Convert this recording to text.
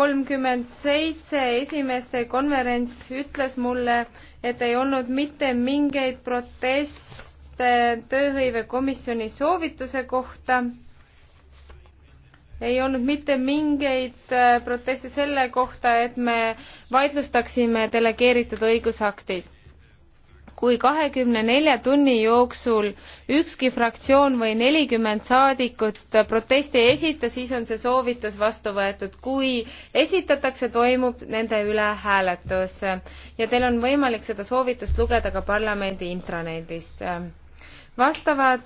kolmkümmend seitse esimeeste konverents ütles mulle, et ei olnud mitte mingeid proteste tööhõivekomisjoni soovituse kohta. ei olnud mitte mingeid äh, proteste selle kohta, et me vaidlustaksime delegeeritud õigusaktid kui kahekümne nelja tunni jooksul ükski fraktsioon või nelikümmend saadikut protesti ei esita, siis on see soovitus vastu võetud. kui esitatakse, toimub nende üle hääletus ja teil on võimalik seda soovitust lugeda ka parlamendi intranetist. vastavad